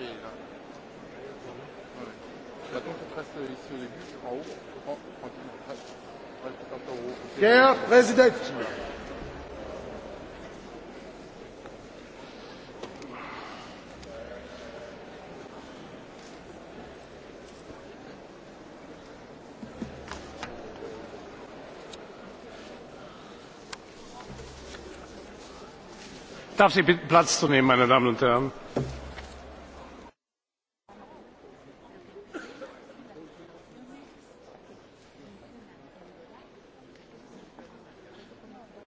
Et là. Ouais. Maintenant, qu'on fasse ici au début, en haut. En, en, en, en, en haut. Pierre, président. darf sie bitten platz zu nehmen meine damen und herren!